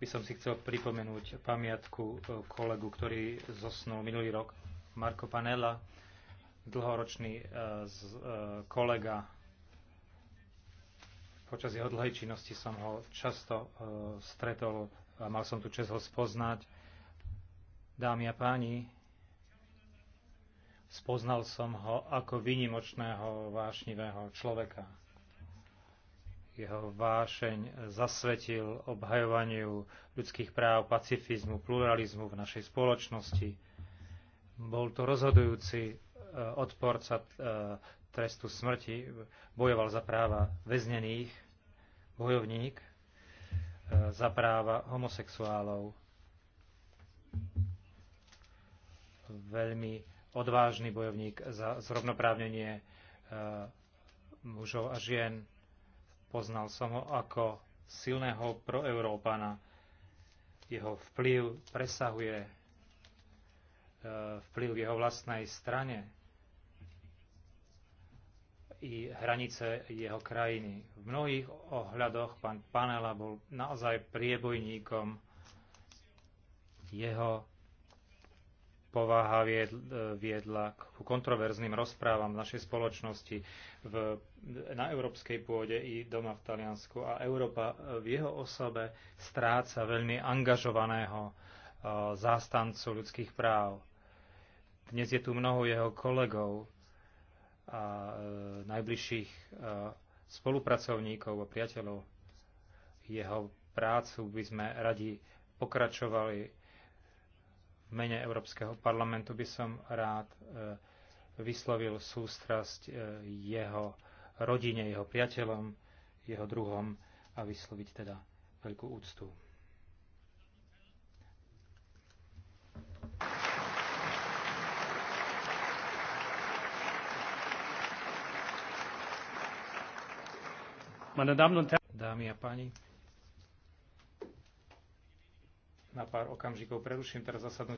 by som si chcel pripomenúť pamiatku e, kolegu, ktorý zosnul minulý rok, Marko Panella, dlhoročný e, e, kolega. Počas jeho dlhej činnosti som ho často stretol a mal som tu čest ho spoznať. Dámy a páni, spoznal som ho ako vynimočného vášnivého človeka jeho vášeň zasvetil obhajovaniu ľudských práv, pacifizmu, pluralizmu v našej spoločnosti. Bol to rozhodujúci e, odporca e, trestu smrti, bojoval za práva väznených, bojovník, e, za práva homosexuálov. Veľmi odvážny bojovník za zrovnoprávnenie mužov a žien Poznal som ho ako silného proeurópana. Jeho vplyv presahuje e, vplyv jeho vlastnej strane i hranice jeho krajiny. V mnohých ohľadoch pán Panela bol naozaj priebojníkom jeho povaha viedla k kontroverzným rozprávam v našej spoločnosti v, na európskej pôde i doma v Taliansku. A Európa e, v jeho osobe stráca veľmi angažovaného e, zástancu ľudských práv. Dnes je tu mnoho jeho kolegov a e, najbližších spolupracovníkov a priateľov. Jeho prácu by sme radi pokračovali v mene Európskeho parlamentu by som rád e, vyslovil sústrasť e, jeho rodine, jeho priateľom, jeho druhom a vysloviť teda veľkú úctu. Dámy a páni, na pár okamžikov preruším teraz zasadnutie.